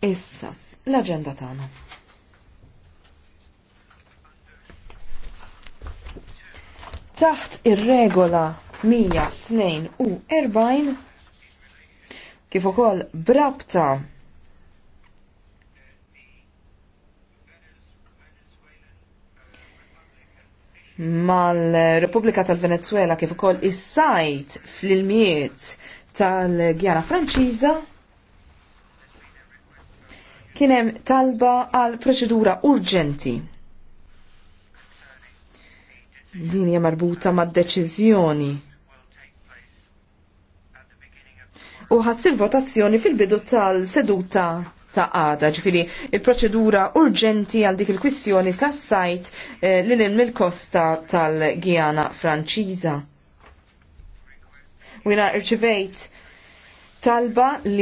Issa, l-agenda tagħna. Taħt ir-regola 142 kif ukoll brabta mal-Repubblika tal-Venezuela kif ukoll is-sajt fl-ilmijiet tal-Gjana Franċiża kien hemm talba għal proċedura urġenti. Din hija marbuta mad-deċiżjoni. U ħassir votazzjoni fil-bidu tal-seduta ta' għada, ġifiri il-proċedura urġenti għal dik il-kwissjoni tas sajt eh, li l mill-kosta tal-Gijana Franċiża. Wina irċivejt talba li